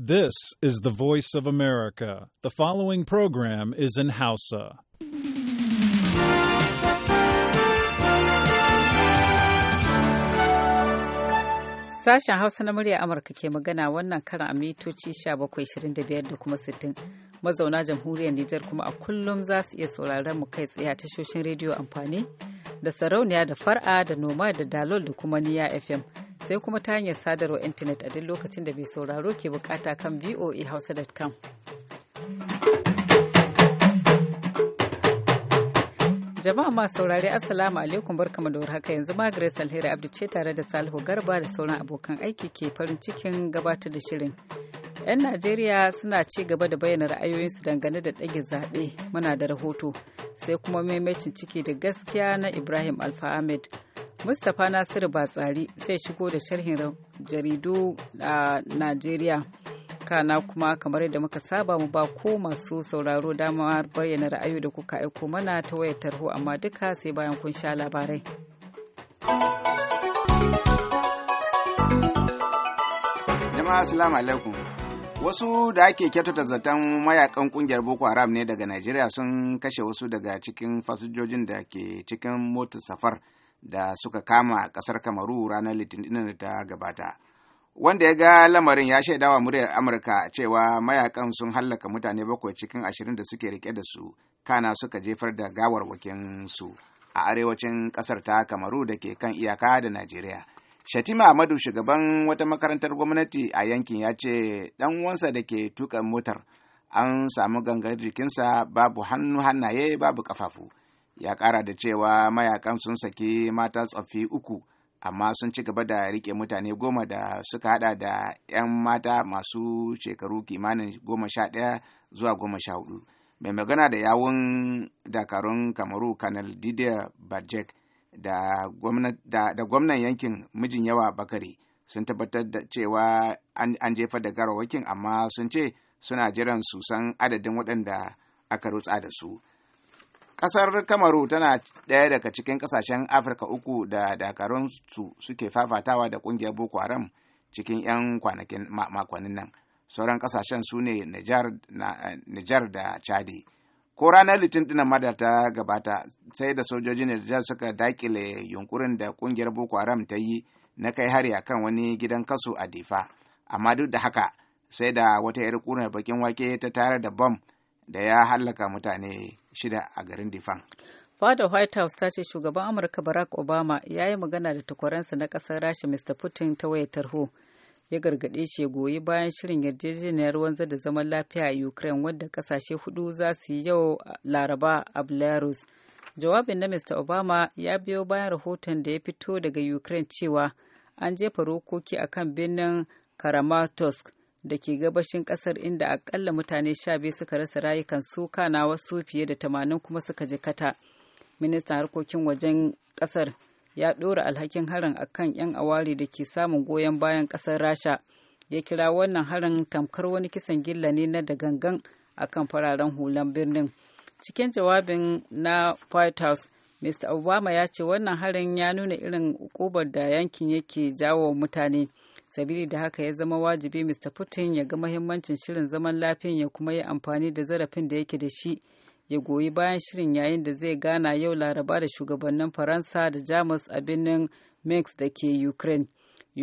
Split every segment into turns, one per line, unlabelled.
This is the voice of America. The following program is in Hausa. Sashen Hausa na murya Amurka ke magana wannan karan a mitoci 1725 da kuma 60. Mazauna jamhuriyar Nijar kuma a kullum za su iya sauraron mu kai tsaye a tashoshin rediyo amfani da sarauniya da far'a da noma da dalol da kuma niya FM. sai kuma ta hanyar sadarwa intanet a duk lokacin da mai sauraro ke bukata kan voahausa.com. jama'a masu saurari assalamu alaikum barkamu da haka yanzu ma grace alheri abdu ce tare da salihu garba da sauran abokan aiki ke farin cikin gabatar da shirin yan najeriya suna ci gaba da bayyana ra'ayoyinsu dangane da ɗage zaɓe muna da rahoto sai kuma maimacin ciki da gaskiya na ibrahim alfa ahmed Mustapha Nasiru Batsari zai shigo da sharhin jaridu a Najeriya. kana kuma kamar yadda muka saba mu ba ko masu sauraro dama bayyana ra'ayoyi da kuka aiko mana ta wayar tarho amma duka sai bayan kun sha labarai.
Jama'a assalamu alaikum. Wasu da ake kyautata zaton mayakan kungiyar Boko Haram ne daga Najeriya sun kashe wasu daga cikin fasinjojin da ke cikin motar safar. da suka kama kasar kamaru ranar litinin da ta gabata wanda ya ga lamarin ya shaidawa muryar amurka cewa mayakan sun hallaka mutane bakwai cikin ashirin da suke rike da su kana suka jefar da gawarwakin su a arewacin kasar ta kamaru da ke kan iyaka da najeriya shatima amadu shugaban wata makarantar gwamnati a yankin ya ce dan wansa da ke tuka motar an samu gangar jikinsa babu hannu hannaye babu kafafu ya ƙara da cewa mayakan sun saki mata tsoffi uku amma sun ci gaba da rike mutane goma da suka hada da 'yan mata masu shekaru kimanin goma sha ɗaya zuwa goma sha hudu mai magana da yawun dakarun kamaru kanal didier barjek da gwamnan yankin mijin yawa bakari sun tabbatar da cewa an jefa da garawakin amma sun ce suna jiran su san adadin waɗanda aka rutsa da su kasar kamaru tana ɗaya daga cikin kasashen afirka uku da dakarun su suke fafatawa da ƙungiyar boko haram cikin 'yan kwanakin makonnin nan sauran kasashen su ne eh, nijar da chadi ko ranar litin dina madar ta gabata sai da sojojin nijar suka dakile yunkurin da ƙungiyar boko haram ta yi na kai hari a kan wani gidan kasu a difa amma duk da haka sai da wata 'yar kunar bakin wake ta tare da bom da ya hallaka mutane shida a garin Difan.
Fada White House ta ce shugaban Amurka Barack Obama ya yi magana da takwaransa na ƙasar Rasha Mr. Putin ta wayar tarho. Ya gargaɗe shi goyi bayan shirin yarjejeniyar wanzar da zaman lafiya a Ukraine wadda ƙasashe hudu za su yi yau Laraba a Belarus. Jawabin na Mr. Obama ya biyo bayan rahoton da ya fito daga Ukraine cewa an jefa rokoki akan birnin Karamatorsk da ke gabashin kasar inda akalla mutane sha biyu suka rasa rayukan rayukansu kana wasu fiye da tamanin kuma suka jikata ministan harkokin wajen kasar ya ɗora alhakin harin a kan 'yan awari da ke samun goyon bayan ƙasar rasha ya kira wannan harin tamkar wani kisan gilla ne na da a kan fararen hulan birnin cikin jawabin na white house mr obama ya ce wannan harin ya nuna irin ukubar da yankin yake jawo mutane sabili da haka ya zama wajibi mr putin ya ga mahimmancin shirin zaman lafiyan ya kuma yi amfani da zarafin da yake da shi ya goyi bayan shirin yayin da zai gana yau laraba da shugabannin faransa da jamus a birnin minsk da ke ukraine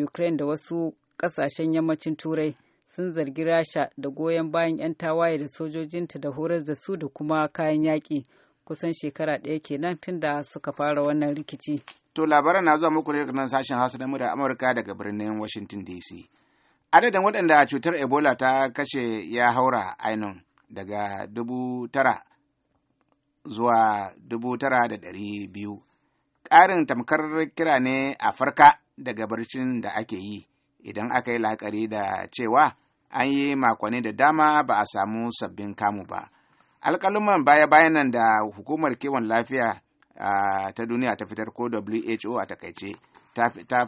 ukraine da wasu kasashen yammacin turai sun zargi rasha da goyon bayan 'yan tawaye da sojojinta da horar da su da kuma kayan yaƙi kusan shekara ɗaya kenan tun da suka fara wannan rikici.
To labaran na zuwa muku daga nan sashen Hausa na murar Amurka daga birnin Washington DC. Adadin waɗanda cutar Ebola ta kashe ya haura ainun daga dubu tara zuwa dubu tara da ɗari biyu. Ƙarin tamkar kira ne a farka daga barcin da ake yi idan aka yi la'akari da cewa an yi makonni da dama ba a samu sabbin kamu ba. Alƙaluman baya-bayan nan da hukumar kiwon lafiya ta duniya ta fitar ko who a takaice ta fitar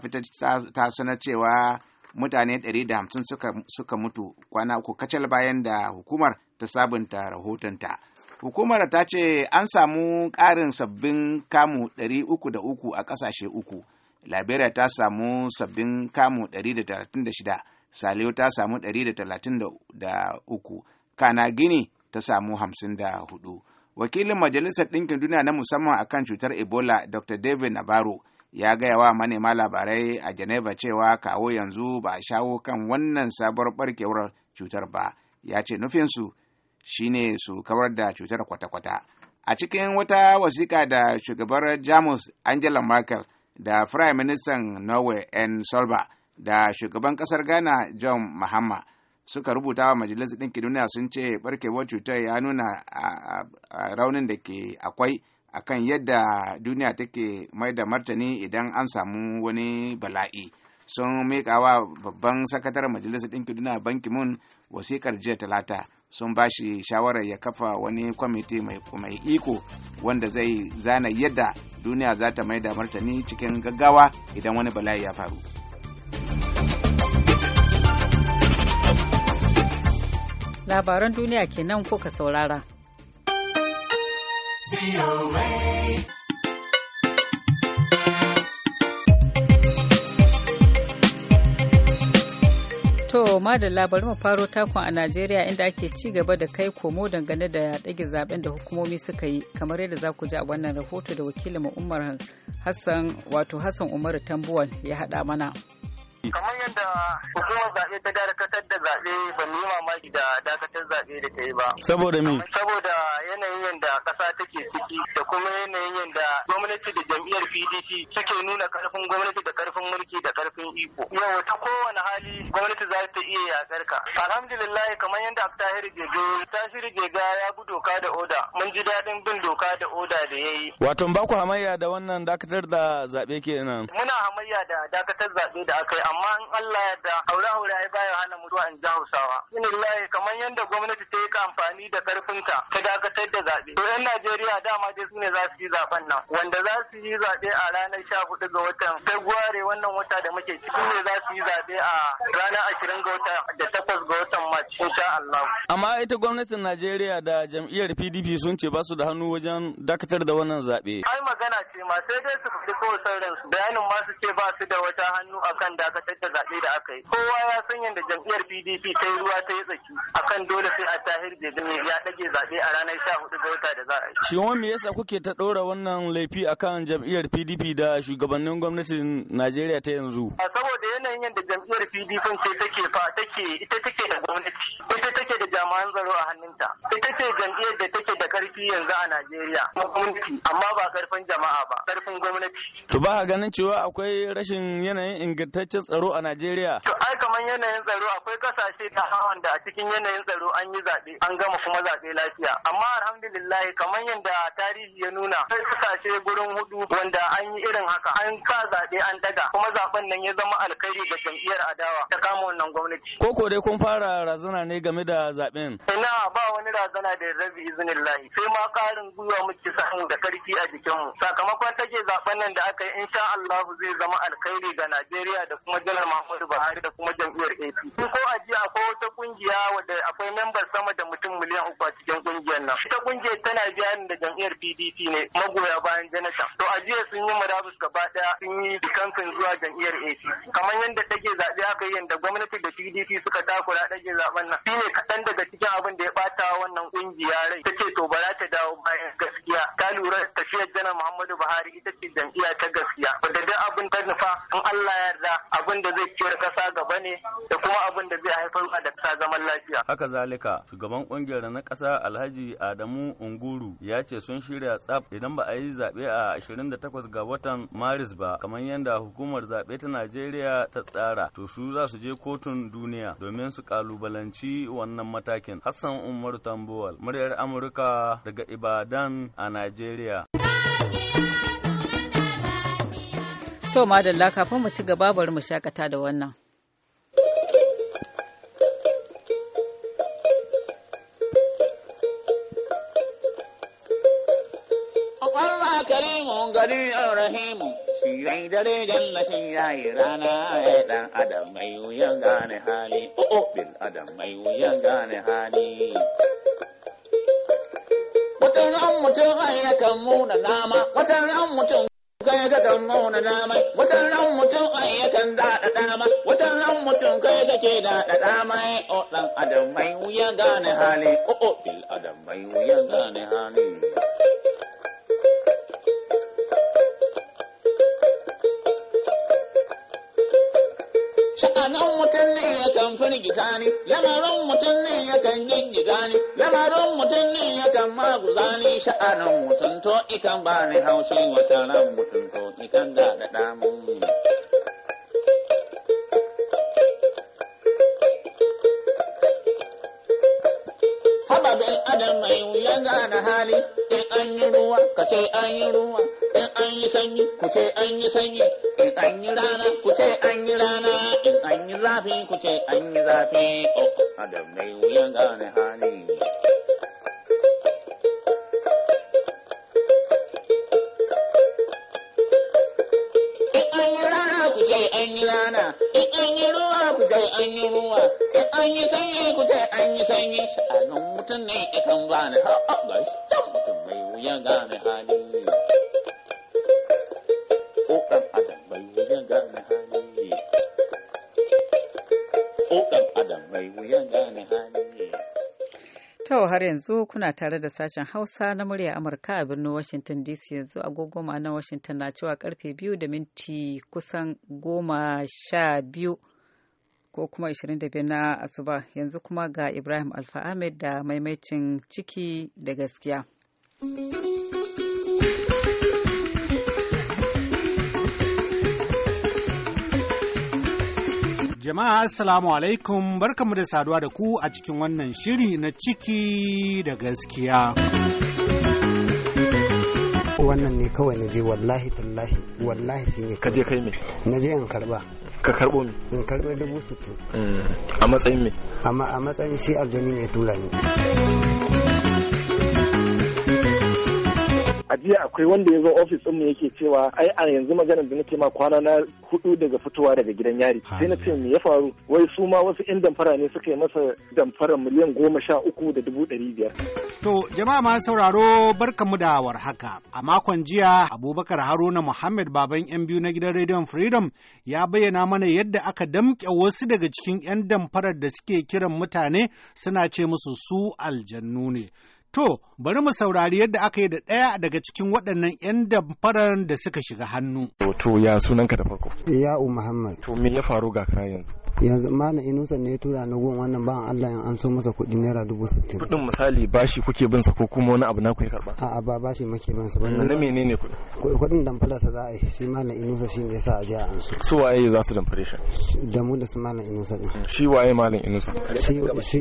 ta sanar cewa mutane 150 suka, suka mutu kwana uku kacal bayan da hukumar ta sabunta rahotonta hukumar ta ce an samu ƙarin sabbin kamu 303 a ƙasashe uku liberia ta samu sabbin kamu 136 saliyo ta samu 133 kana gini ta samu 54 wakilin majalisar ɗinkin duniya na musamman kan cutar ebola dr david nabaro ya gaya wa manema labarai a geneva cewa kawo yanzu ba a shawo kan wannan sabuwar barkewar cutar ba ya ce nufinsu shine su kawar da cutar kwata-kwata a cikin wata wasiƙa da shugabar jamus angela merkel da prime minister norway en solba da shugaban ƙasar ghana john mahama suka rubuta wa majalisar ɗinkin duniya sun ce barkewar cutar ya nuna raunin da ke akwai akan yadda duniya take mai da martani idan an samu wani bala'i sun miƙa wa babban sakataren majalisar ɗinkin duniya banki mun wasikar jiya talata sun ba shi shawarar ya kafa wani kwamiti mai iko wanda zai zana yadda duniya za ta mai da martani cikin gaggawa idan wani bala'i ya faru.
labaran duniya kenan kuka saurara. To, da labarin faro takon a Najeriya inda ake ci gaba da kai komo dangane da ɗage zaben da hukumomi suka yi, kamar yadda za ku ji a wannan rahoto da wakilin Umar Hassan wato Hassan Umaru Tambuwal ya haɗa mana. ciki. Kamar yadda hukumar zaɓe ta dakatar
da zaɓe ban yi mamaki da dakatar zaɓe da ta yi ba.
Saboda me? Saboda yanayin yadda ƙasa take ciki da kuma yanayin yadda gwamnati da jam'iyyar PDP suke nuna ƙarfin
gwamnati da ƙarfin mulki da ƙarfin iko. Yau ta kowane hali gwamnati za ta iya yaƙar ka. Alhamdulillah kamar yadda rige Jega Tashir Jega ya bi doka da oda. Mun ji daɗin bin doka da oda da ya yi.
Wato ba ku hamayya da wannan dakatar da zaɓe kenan. Muna hamayya
da dakatar zaɓe da aka yi amma in Allah ya da aure haure ai baya hana mutuwa in ji Hausawa. Inillahi kamar yadda gwamnati ta yi amfani da ƙarfinta ta dakatar yadda zaɓe. To 'yan Najeriya dama dai su ne za su yi zaɓen nan. Wanda za su yi zaɓe a ranar sha hudu ga watan Februare wannan wata da muke ciki ne za su yi zaɓe a ranar ashirin ga wata da takwas ga watan Mac insha Allah.
Amma ita gwamnatin Najeriya da jam'iyyar PDP sun ce ba su da hannu wajen dakatar da wannan zaɓe. Ai magana ce ma sai dai su fi kawai sauran su bayanin ma su ce ba su da wata hannu akan dakatar da zaɓe da aka yi. Kowa ya san yadda jam'iyyar PDP ta yi ruwa ta yi tsaki akan dole sai a tahir da ya ɗage zaɓe a ranar sha hudu ga wata da za a yi. Shi me yasa kuke ta ɗora wannan laifi akan jam'iyyar PDP da shugabannin gwamnatin Najeriya ta yanzu?
Saboda yanayin yadda jam'iyyar PDP ce take fa take ita take da gwamnati ita take da jami'an tsaro a hannunta ita ce jam'iyyar da take da karfi yanzu a Najeriya gwamnati amma ba karfin jama'a ba karfin
gwamnati. To ba ganin cewa akwai rashin yanayin ingantaccen tsaro a Najeriya? To
ai kamar yanayin tsaro akwai kasashe da hawan da a cikin yanayin tsaro an yi zaɓe an gama kuma zaɓe lafiya amma alhamdulillah kamar yadda tarihi ya nuna sai kasashe gurin hudu wanda an yi irin haka an ka zaɓe an daga kuma zaben nan ya zama alkhairi ga jam'iyyar adawa ta kama wannan gwamnati
ko ko dai kun fara razana ne game da zaben ina ba wani razana da rabi Lahi? sai ma karin gwiwa muke samu da karfi
a jikin mu. sakamakon take zaɓen nan da aka yi insha Allah zai zama alkhairi ga Najeriya da kuma janar Muhammadu Buhari da kuma jam'iyyar AP ko a jiya akwai wata kungiya wadda akwai membar sama da mutum miliyan uku a cikin kungiyar nan ita kungiyar tana biyan da jam'iyyar PDP ne magoya bayan Jonathan. To a jiya sun yi murabus gaba daya sun yi kamfin zuwa jam'iyyar AC. Kamar yadda take zaɓe aka yi yadda gwamnati da PDP suka takura ɗage zaɓen nan. Shi ne kaɗan daga cikin abin da ya ɓata wannan kungiya rai. Ta ce to ba ta dawo bayan gaskiya. Ya lura tafiyar janar muhammadu buhari ita ce jam'iyya ta gaskiya da duk abin ta nufa in allah ya yarda abin da zai ciyar kasa gaba ne da kuma abin da zai haifar da kasa zaman lafiya
haka
zalika shugaban kungiyar na kasa alhaji adamu ungu ya ce sun shirya tsaf idan ba a yi zaɓe a 28 ga watan maris ba kamar yadda hukumar zaɓe ta najeriya ta tsara to su za su je kotun duniya domin su kalubalanci wannan matakin hassan umar tambuwal muryar amurka daga ibadan a najeriya
to madalla kafin mu ci gaba bari mu shakata da wannan gari a rahimu
shi dare janna shirai rana ya dan adam mai wuyan gane hali o'o bin adam mai wuyan gane hali
watan ran mutum ai yakan muna
nama watan ran mutum kai ga kan muna nama watan ran mutum ai yakan dada dama watan ran mutum kai ga ke dada dama o dan adam mai wuyan gane hali o'o bil adam mai wuyan gane hali Tunanin mutum ne yakan firgita ne, lamarin mutum ne yakan gingiga ne, lamarin mutum ne yakan maguza ne, sha'anin mutum to ikan ba ni haushi wata ran mutum to ikan da da damun. bil adam mai wuya gane hali in an yi ruwa ka ce an yi ruwa in an yi sanyi ku ce an yi sanyi in an yi rana ku ce an yi rana in an yi zafi ku ce an yi zafi oh, adam mai wuya gane hali yi rana in an yi ruwa ku ce an yi ruwa in an yi sanyi ku ce an yi sanyi sha'anin mutum ne ikan ha, a ga shi can mutum mai wuya gane halin
ne ko adam mai wuya gane halin ne ko adam mai wuya ga ni halin
To har yanzu kuna tare da sashen Hausa na murya Amurka a birnin Washington DC yanzu agogo na Washington na cewa karfe biyu da minti kusan goma sha biyu ko kuma 25 na asuba yanzu kuma ga Ibrahim Alfa Ahmed da maimacin ciki da gaskiya.
Jama'a Assalamu alaikum barkamu da saduwa da ku a cikin wannan shiri na ciki da gaskiya.
Wannan ne kawai na je wallahi tallahi wallahi shi ne ka je kai me? Na je in karba. Ka karbo me? In karbo dubu sittin. Mm. A matsayin me? A matsayin shi aljani ne
tura ni. a jiya akwai wanda ya zo ofis ɗinmu yake cewa ai a yanzu maganar da nake ma kwana na hudu daga fitowa daga gidan yari sai na ce mu ya faru wai su ma wasu yan damfara ne suka yi masa damfara miliyan goma sha uku da dubu ɗari biyar.
to jama'a ma sauraro mu da haka. a makon jiya abubakar haruna muhammad baban yan biyu na gidan rediyon freedom ya bayyana mana yadda aka damƙe wasu daga cikin yan damfarar da suke kiran mutane suna ce musu su aljannu ne To, bari mu saurari yadda aka yi da ɗaya daga cikin waɗannan 'yan damfarar da suka shiga hannu.
To, ya sunanka da farko?
Ya'u Muhammad. To, me ya faru ga kayan? yanzu? yanzu na inusa ne ya tura na gun wannan ban allah yan an so masa kuɗi naira dubu sittin kuɗin misali bashi
kuke bin sa ko kuma wani abu na ku ya karɓa
a'a ba bashi muke bin sa ba ne ne kuɗin kuɗin damfara sa za a yi shi malam inusa shi ne sa a je an so
su waye za su damfare
shi da mu da su malam inusa ne. Mm, shi waye malam inusa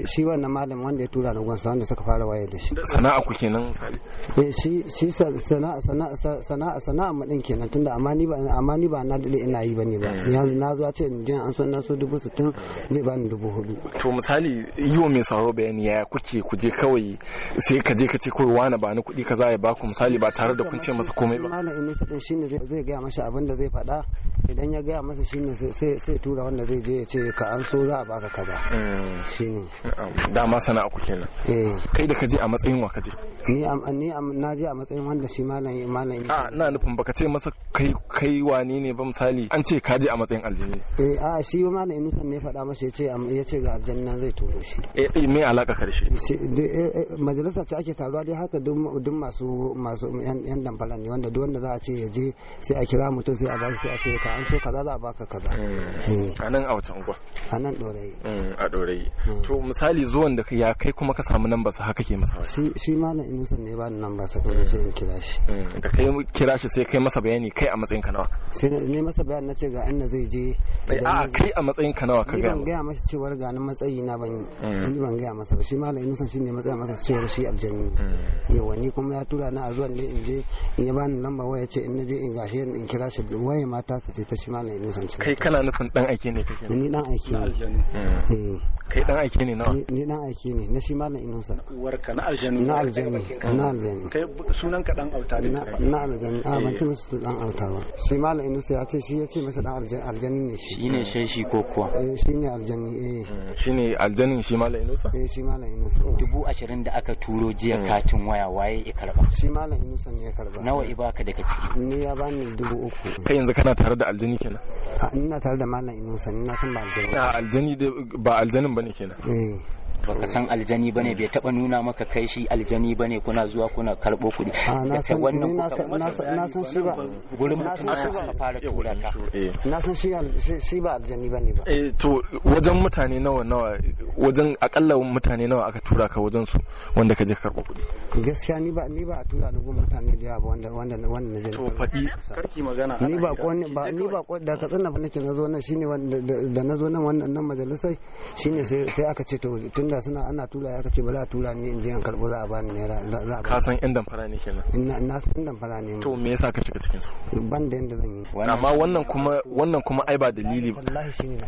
shi wannan malam wanda ya tura na gun sa wanda suka fara waye da shi sana'a ku kenan misali. Eh, shi sana'a sana'a sana'a sana'a mu din kenan tunda amma ni ba amma ni ba na dade ina yi ne ba mm. yanzu na zo a ce in je an so na so dubu sittin zai bani dubu hudu
to misali yi wa mai sauro bayani ya kuke ku je kawai sai ka je ka ce kawai wani ba ni kuɗi kaza ya baku misali ba tare da kun ce masa komai ba
malamin inisa din shine zai gaya masa abin da zai faɗa idan ya gaya masa shine sai sai tura wanda zai je ya ce ka an so za a baka kaza
mm. ne um, dama sana'a ku kenan eh. kai da ka je a matsayin wa ka je
ni ni na je a matsayin wanda shi malami malam a na nufin baka ce masa kai kai wani ne ba misali an ce ka je a matsayin aljini eh a shi ba malam inusan ne faɗa masa yace ce ga aljanna zai turo shi
eh, eh me alaka karshe
eh, majalisa ce ake taruwa dai haka duk masu masu yan dambalan ne wanda duk wanda za a ce ya je sai a kira mutum sai a shi sai a ce ka an so kaza za a baka kaza
hmm. Hmm. a nan hmm, a wace unguwa a nan dorayi a dorayi to misali zuwan da ya kai kuma ka samu nan basa haka ke masa
shi shi malam inusan ne ba nan basa kai sai in kira shi da kai
kira shi sai kai masa bayani kai a matsayin ka nawa
sai ne masa bayani na ce ga anna zai je a
kai a matsayin ka nawa ka ga ban ga
masa cewar ga nan matsayi na ban ni ban ga masa ba shi malam inusan ne matsayin masa cewar shi aljanni yawa ni kuma ya tura na a zuwan ne in je in ya ba ni lamba waya ce in na je in gashi in kira shi waya mata su ce ta shi yi nisan cikin. kai
kana nufin dan aiki ne
kake ni dan aiki ne eh.
hmm. kai dan aiki ne nawa ni dan aiki ne na shi yi inusa
uwarka na aljanu na aljanu na aljanu kai sunan ka dan auta ne na
aljanu a ah, ban ce eh. musu dan auta ba shi yi inusa ya ce shi ya ce masa dan aljanu ne shi shi
shi ko kuwa
eh, Shi ne aljanu eh hmm.
ne aljanin shi malam
inusa eh shi yi inusa dubu ashirin da aka turo jiya hmm. katin waya waye ya karba shi na inusa ne ya karba nawa ibaka daga ciki ni ya bani dubu uku kai yanzu kana
tare da aljani kenan
a ina tare da malam inusa ina san ba
aljani ba aljani ba ne kenan eh baka san aljani bane bai taba nuna maka kai shi aljani bane kuna zuwa kuna karbo kudi ah, da ta wannan na
san shi ba gurin mutum ya fara tura ka eh. na san shi ba aljani bane ba eh
to wajen mutane nawa nawa wajen akalla mutane nawa aka tura ka wajen su wanda ka je karbo kuɗi
gaskiya ni ba ni ba a tura ni gurin mutane da yawa ba wanda wanda wanda na je to fadi karki magana ni ba ko ni ba ni ba ko da ka tsanna fa nake na zo nan shine wanda da na zo nan wannan majalisai shine sai aka ce to tanga suna ana tura ya kace ba za a tura ni in je an karbo za a bani naira za a ka san inda fara ne kenan ina na san inda fara ne to me
yasa ka shiga cikin su
ban da yanda zan yi amma wannan
kuma wannan kuma ai ba dalili ba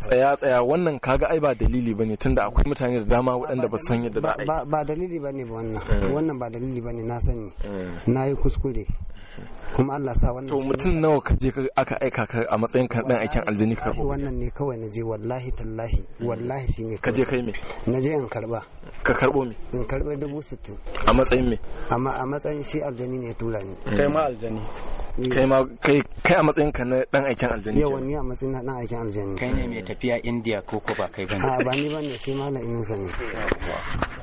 tsaya tsaya wannan kaga ai ba dalili bane tunda akwai mutane da dama waɗanda ba san yadda za a yi
ba dalili bane ba wannan eh. wannan ba dalili bane na sani eh. na yi kuskure kuma Allah sa wannan to mutum
nawa ka je aka aika ka a matsayin ka dan aikin aljini ka
wannan ne kawai na je wallahi tallahi wallahi shine ka je kai me na je in karba ka karbo me in karba dubu sittin a matsayin me amma a matsayin shi aljani ne tura ni kai ma aljani kai ma
kai kai a matsayin ka na dan
aikin aljanni yawa ni a matsayin na dan aikin aljanni kai ne mai
tafiya India ko ko ba kai bane a ba ni
bane sai malam Inusa sani.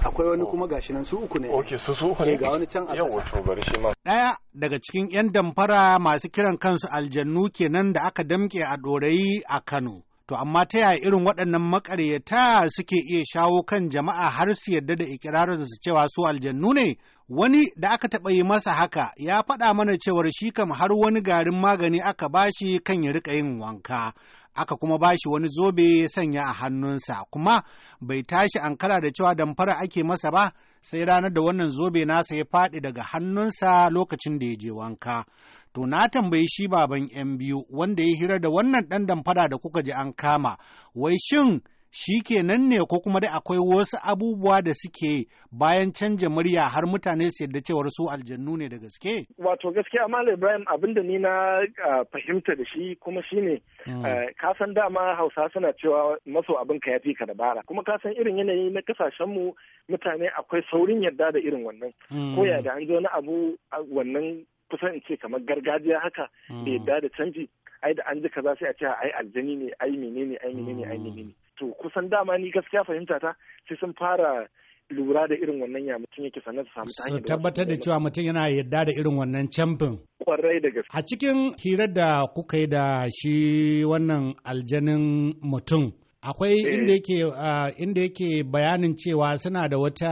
akwai
wani kuma gashi nan su uku ne okay su su uku ne eh, ga wani can a yawa to bari shi ma
daya daga cikin yan damfara masu kiran kansu aljannu kenan da aka damke a dorayi a Kano To amma ta yaya irin waɗannan makaryata suke iya shawo kan jama'a har su yarda da ikirarin su cewa su aljannu ne Wani da aka taɓa yi masa haka ya faɗa mana cewar shi kam har wani garin magani aka ba shi kan ya riƙa yin wanka, aka kuma bashi wani zobe ya sanya a hannunsa, kuma bai tashi an kara da cewa damfara ake masa ba sai ranar da wannan zobe nasa ya faɗi daga hannunsa lokacin da ya je wanka. To na tambayi shi baban ‘yan biyu wanda ya hira da wannan ɗan damfara da kuka ji an kama, wai shin shi ke nan ne ko kuma dai akwai wasu abubuwa da suke bayan canja murya har mutane su yadda cewar su aljannu ne da gaske?
Wato gaskiya Amal Ibrahim abin da ni na fahimta da shi kuma shi ne hmm. ka san dama Hausa suna cewa maso abin ka yafi ka dabara kuma kasan irin yanayi na mu mutane akwai saurin yarda da irin wannan hmm. ko ya da an zo na abu wannan kusan in ce kamar gargajiya haka hmm. da yadda da canji ai da an ji kaza sai a ce ai aljani ne ai menene ai menene ai menene to kusan dama ni gaskiya fahimta ta sai sun fara lura da irin wannan ya mutum yake sannan su samu tahiyar tabbatar da
cewa mutum yana yadda da irin wannan camfin kwarai da gaske a cikin hirar da kuka yi da shi wannan aljanin mutum akwai eh. inda yake inda yake bayanin cewa suna da wata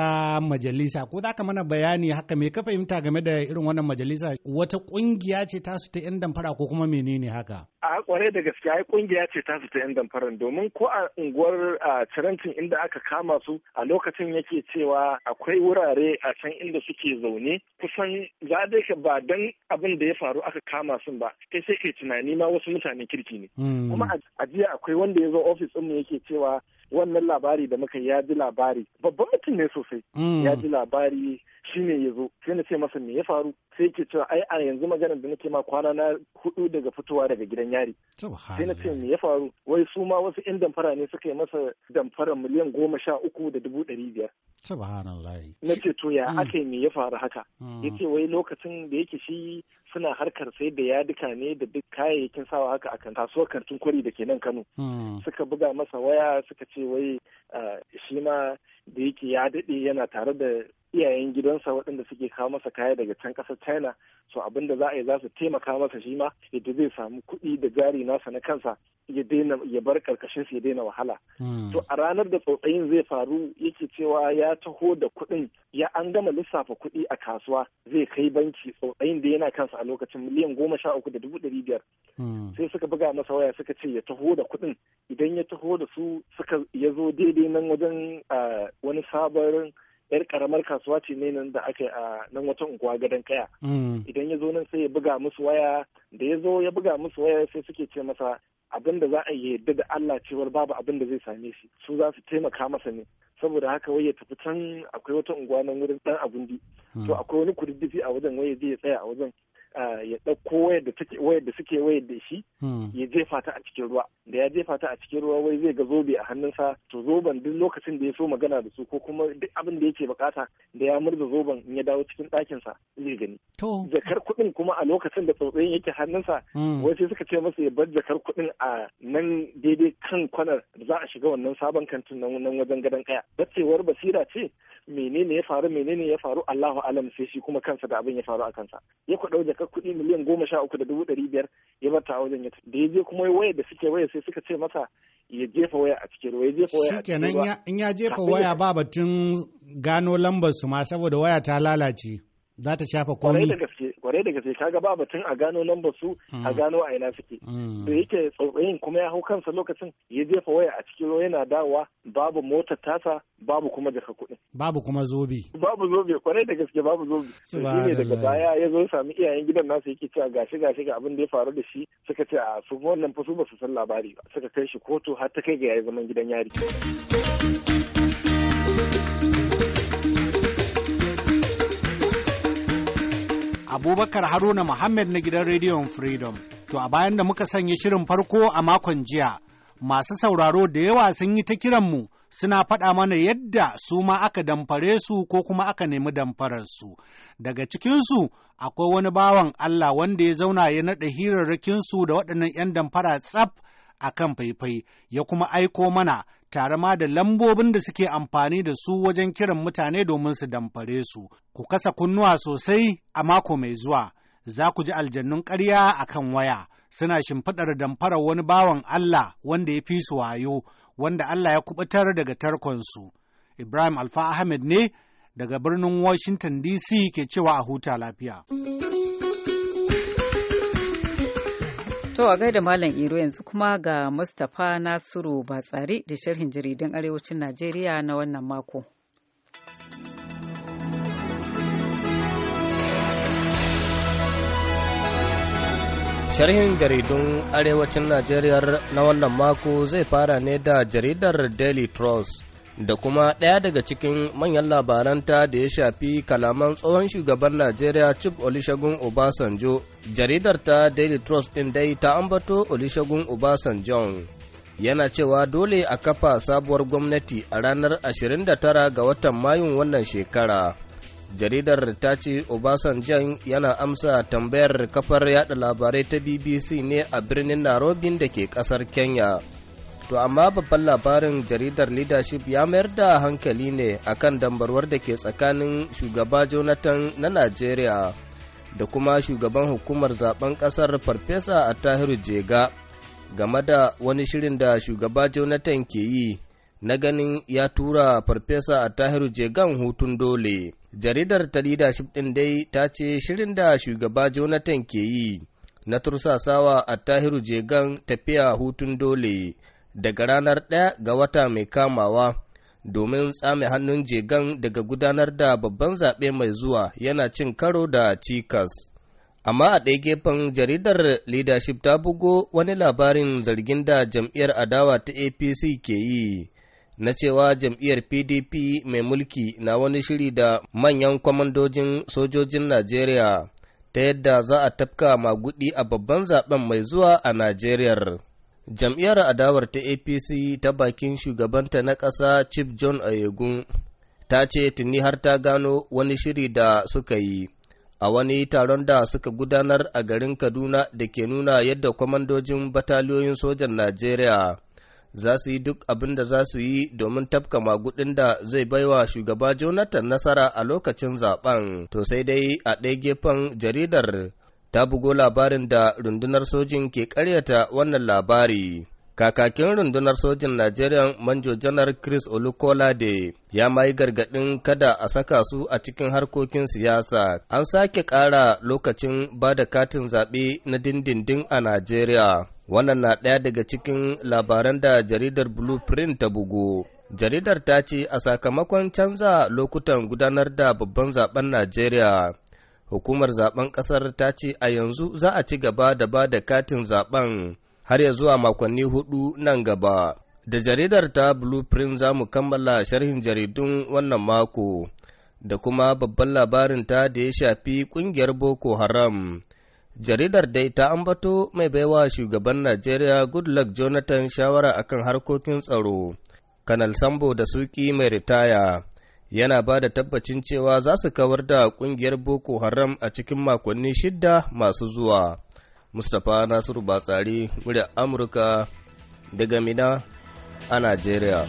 majalisa ko za ka mana bayani haka me ka fahimta game da irin wannan majalisa wata kungiya ce tasu ta yan damfara ko kuma menene haka
a kwarai da gaskiya, ai kungiya ce ta ta yan damfaran domin ko a unguwar cirancin inda aka kama su a lokacin yake cewa akwai wurare a can inda suke zaune kusan za dai ka ba dan abin da ya faru aka kama sun ba kai sai kai tunani ma wasu mutanen kirki ne hmm. kuma a jiya akwai wanda ya zo ofis ɗinmu yake cewa wannan labari da muka ya ji labari babban mutum ne sosai mm. ya ji labari shine ya zo sai na ce masa me ya faru sai ke cewa ai a yanzu maganar da nake ma kwana na hudu daga fitowa daga gidan yari sai na ce me ya faru wai su ma wasu yan damfara ne suka yi masa damfara miliyan goma sha uku da dubu ɗari biyar
subhanallah
na ce to ya mm. aka me ya faru haka mm. ya wai lokacin da yake shi suna harkar sai da yadika ne da duk kayayyakin sawa haka a kan kasuwar kantin kwari da ke nan Kano. Hmm. Suka buga masa waya suka ce wai ah, shi ma da yake ya daɗe yana tare da iyayen gidansa waɗanda suke kawo masa kaya daga can ƙasar china so abin da za a yi za su taimaka masa shi ma yadda zai samu kuɗi da jari nasa na kansa ya daina ya bar karkashin ya daina wahala hmm. to a ranar da tsautsayin zai faru yake cewa ya taho da kuɗin ya an gama lissafa kuɗi a kasuwa zai kai banki tsautsayin da yana kansa a lokacin miliyan goma sha uku da dubu ɗari biyar hmm. sai suka buga masa waya suka ce ya taho da kuɗin idan ya taho da su suka ya zo daidai nan wajen ah, wani sabon yar karamar kasuwa ce ne nan da aka a nan wata unguwa gadon kaya mm. idan ya zo nan sai ya buga musu waya da ya zo ya buga musu waya sai suke ce masa abin da za a yi yadda da Allah cewar babu abin da zai same shi su za su taimaka masa ne saboda haka wai ya tafi can akwai wata unguwa nan wurin dan abundi mm. to akwai wani kududdufi a wajen wai ya je tsaya a wajen ya ɗauko wayar da suke wayar da shi hmm. ya jefa ta a cikin ruwa da ya jefa ta a cikin ruwa wai zai ga zobe a hannunsa to zoben duk lokacin da ya so magana da su ko kuma duk abin da yake bukata da ya murza zoben in ya dawo cikin ɗakin sa zai gani jakar kuɗin kuma a lokacin da tsautsayin yake hannunsa hmm. wai sai suka ce masa ya bar jakar kuɗin a nan daidai kan kwanar da za a shiga wannan sabon kantin nan wajen gadon kaya bacewar basira ce menene ya faru menene ya faru Allahu alam sai shi kuma kansa da abin ya faru a kansa ya ku wajen ka kuɗi miliyan goma sha uku da dubu ɗari biyar ya bata wajen ya da ya je kuma waya da suke waya sai suka ce masa ya jefa waya a cikin ruwa ya jefa waya a cikin ruwa in
ya jefa waya ba batun gano lambar su ma saboda waya ta lalace za ta shafa komai
da kwarai da gaske kaga ba batun a gano lambar su a hmm. gano a ina suke da hmm. yake tsotsayin kuma ya hau kansa lokacin ya jefa waya a cikin ruwa yana dawowa babu motar tasa babu kuma jaka kuɗin
babu kuma zobe
babu zobe kware da gaske babu zobe shi ne daga baya ya zo sami iyayen gidan nasu yake cewa gashi gashi ga abin da ya faru da shi suka ce a su wannan fa su ba su san labari ba suka kai shi kotu
har ta kai ga yayi zaman gidan yari Abubakar Haruna Muhammad na gidan rediyon Freedom. To a bayan da muka sanya shirin farko a makon jiya, masu sauraro da yawa sun yi ta kiranmu suna faɗa mana yadda su ma aka damfare su ko kuma aka nemi damfararsu. Daga cikinsu akwai wani bawan Allah wanda ya zauna ya naɗa hirarrakinsu da waɗannan 'yan damfara tsaf a kan faifai ya kuma aiko mana tare ma da lambobin da suke amfani da su wajen kiran mutane domin su damfare su. Ku kasa kunnuwa sosai a mako mai zuwa, za ku ji aljannun karya a kan waya, suna shimfiɗar damfarar wani bawan Allah wanda ya fi su wayo, wanda Allah ya kubutar daga tarkonsu. Ibrahim Alfa Ahmed ne
daga birnin Washington DC ke cewa a huta lafiya. To a gaida Malam Iro yanzu kuma ga Mustapha Nasiru Batsari da sharhin jaridun Arewacin Najeriya na wannan mako.
Sharhin jaridun Arewacin Najeriya na wannan mako zai fara ne da jaridar Daily Trust. da kuma ɗaya daga cikin manyan labaranta da ya shafi kalaman tsohon shugaban Najeriya Chief Olusegun Obasanjo. Jaridar ta Daily Trust ɗin dai ta ambato Olusegun Obasanjo. Yana cewa dole a kafa sabuwar gwamnati a ranar 29 ga watan Mayun wannan shekara. Jaridar ta ce Obasanjo yana amsa tambayar kafar yada labarai ta BBC ne a birnin Nairobi da ke ƙasar Kenya. To amma babban labarin jaridar leadership ya mayar da hankali ne akan dambarwar da ke tsakanin shugaba Jonathan na Najeriya da kuma shugaban hukumar zaben kasar Farfesa a tahiru Jega game da wani shirin da shugaba Jonathan ke yi na ganin ya tura Farfesa a tahiru Jegan hutun dole. Jaridar ta leadership ɗin dai ta ce shirin da shugaba Jonathan ke yi na tursasawa a tahiru Jegan tafiya hutun dole. daga ranar ɗaya ga wata mai kamawa domin tsame hannun jegan daga gudanar da babban zaɓe mai zuwa yana cin karo da cikas. Amma a ɗaya gefen jaridar leadership ta bugo wani labarin zargin da jam'iyyar adawa ta APC ke yi na cewa jam'iyyar PDP mai mulki na wani shiri da manyan kwamandojin sojojin Najeriya ta yadda za a tafka magudi a babban zaben mai zuwa a Najeriya. Jam'iyyar adawar ta APC ta bakin shugabanta na ƙasa Chief John Ayegun ta ce tuni har ta gano wani shiri da suka yi a wani taron da suka gudanar a garin Kaduna da ke nuna yadda kwamandojin bataliyoyin sojan Najeriya za su yi duk abin da za su yi domin tafka magudin da zai baiwa shugaba Jonathan nasara a lokacin zaben. To sai dai a ɗaya gefen jaridar ta bugo labarin da rundunar sojin ke karyata wannan labari. Kakakin rundunar sojin Najeriya Manjo Janar Chris Olukolade ya mayi gargaɗin kada a saka su a cikin harkokin siyasa. An sake ƙara lokacin ba da katin zaɓe na dindindin a Najeriya. Wannan na ɗaya daga cikin labaran da jaridar Blueprint ta bugu. Jaridar ta ce a sakamakon canza lokutan gudanar da babban zaben Najeriya. hukumar zaben ƙasar ta ce a yanzu za a ci gaba da ba da katin zaben har ya zuwa makonni hudu nan gaba. Da jaridar ta Blueprint za mu kammala sharhin jaridun wannan mako da kuma babban labarin ta da ya shafi ƙungiyar Boko Haram. Jaridar dai ta ambato mai baiwa shugaban Najeriya Goodluck Jonathan shawara akan harkokin tsaro, Kanal Sambo da Suki mai ritaya. yana ba da tabbacin cewa za su kawar da ƙungiyar Boko Haram a cikin makonni shidda masu zuwa. Mustapha Nasiru Batsari, murya Amurka daga Mina a Najeriya.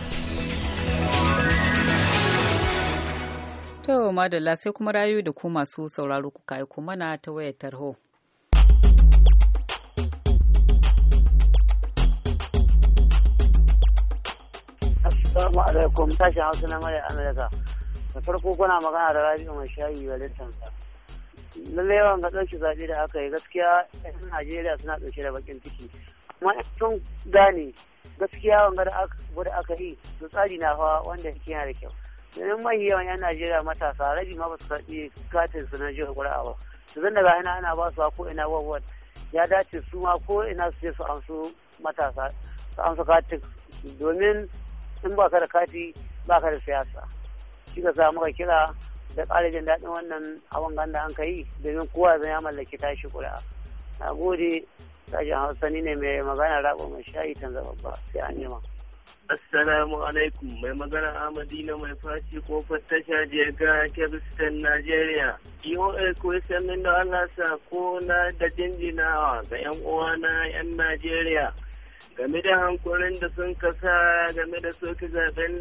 To, madalla sai kuma rayu da ku masu sauraro kuka aiko mana ta wayar tarho.
Assalamu alaikum sashen Hausa na Murya Amurka. Da farko kuna magana da Rabi'u mai shayi wa littansa. Lallai yawan ga ɗauki zaɓe da aka yi gaskiya 'yan Najeriya suna ɗauke da bakin ciki. Amma sun gane gaskiya wanga da aka yi to tsari na hawa wanda yake yana da kyau. Domin mai yawan 'yan Najeriya matasa rabi ma ba su karɓi katin su na jihar ƙura'a ba. Su zan daga hana ana ba su ko ina wawan ya dace su ma ko ina su je su amsu matasa su amsa katin domin in ba ka da kati ba ka da siyasa shi ka samu ka kira da ƙara jin daɗin wannan awon ganda an ka yi domin kowa zan ya mallaki tashi kula na gode sashen hausa ne mai magana raɓa mai shayi zaba ba sai an yi ma.
Assalamu alaikum mai magana na mai fashi kofar tasha ga Kebistan Najeriya. EOA ko min da Allah ko na da jinjinawa ga 'yan uwana 'yan Najeriya. game da hankulin da sun kasa game da soke zaben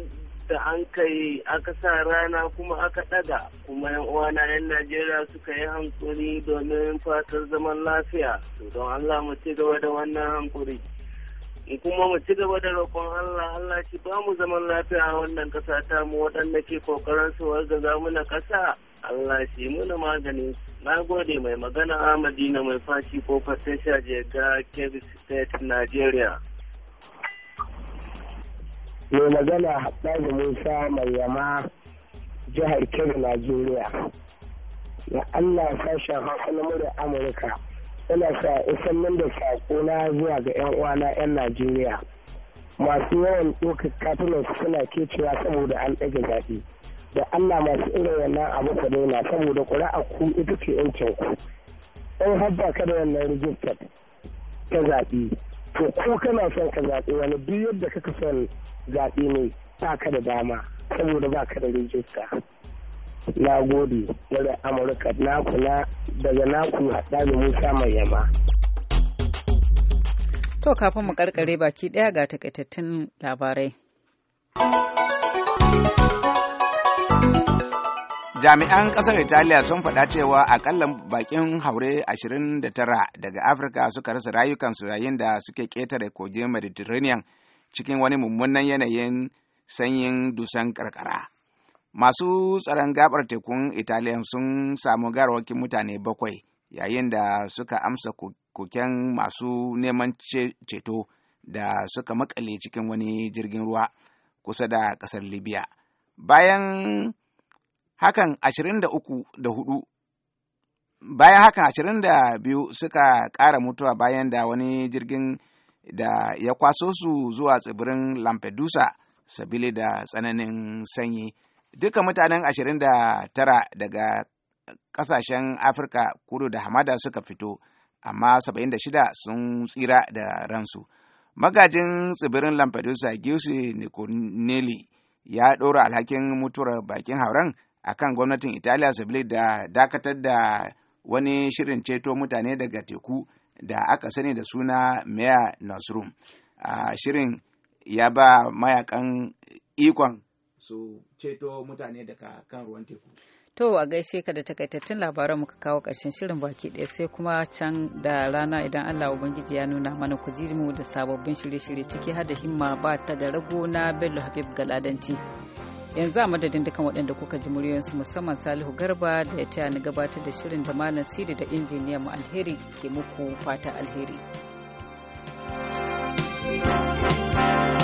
da an kai aka sa rana kuma aka ɗaga kuma yan uwana yan najeriya suka yi hankuri domin fatar zaman lafiya don allah mu ci gaba da wannan hankuri kuma mu ci gaba da roƙon allah allah ci ba mu zaman lafiya a wannan kasa ta mu waɗanda ke ƙoƙarin su warga za mu na ƙasa Allah shi muna magani. Na gode mai magana na mai fashi ko Fatasha Jega Kebbi State, Nigeria.
Mai magana Haɗari Musa mai yama jihar Kebbi, Nigeria. Ya Allah sashen hankali da Amurka. Ina sa isan min da na zuwa ga 'yan uwana 'yan Najeriya. Masu yawan ɗaukar katunan suna ke saboda an ɗage zaɓe. da Allah masu irin wannan abu ku daina saboda a ku ita ce yankin ku in har ka da wannan rijistar ta zaɓi to ko kana son ka zaɓi wani duk yadda kaka son zaɓi ne ba ka da dama saboda ba ka da rijista na gode daga amurka naku na daga naku haɗa da musa mai
yama to kafin mu karkare baki ɗaya ga takaitattun labarai
jami'an kasar italiya sun faɗa cewa akalla bakin haure 29 daga afirka suka rasa rayukansu yayin da suke ƙetare kogin mediterranean cikin wani mummunan yanayin sanyin dusan karkara masu tsaron gabar tekun italiya sun samu garwakin mutane bakwai yayin da suka amsa koken masu neman ceto da suka makale cikin wani jirgin ruwa kusa da ƙasar libya bayan hakan ashirin da uku bayan hakan ashirin da biyu suka kara mutuwa bayan da wani jirgin da ya kwaso su zuwa tsibirin lampedusa sabili da tsananin sanyi duka mutanen ashirin da tara daga kasashen afirka kudu da hamada suka fito amma saba'in sun tsira da ransu magajin tsibirin lampedusa giusi nikoneli ya ɗora alhakin mutuwar bakin hauren akan gwamnatin Italiya sabili da dakatar da wani shirin ceto mutane daga teku da aka sani da suna Mayor Nostrum. shirin ya ba mayakan ikon su ceto mutane daga kan ruwan teku.
To a gaishe ka da takaitattun labaran muka kawo ƙarshen shirin baki ɗaya sai kuma can da rana idan Allah Ubangiji ya nuna mana ku ji mu da sababbin shirye-shirye ciki har da himma ba ta ga rago na Bello Habib Galadanci. yanzu a madadin dukan waɗanda kuka ji muryoyinsu musamman salihu garba da ya taya ni gabatar da shirin da malam sidi da injiniya mu alheri ke muku fata alheri thank you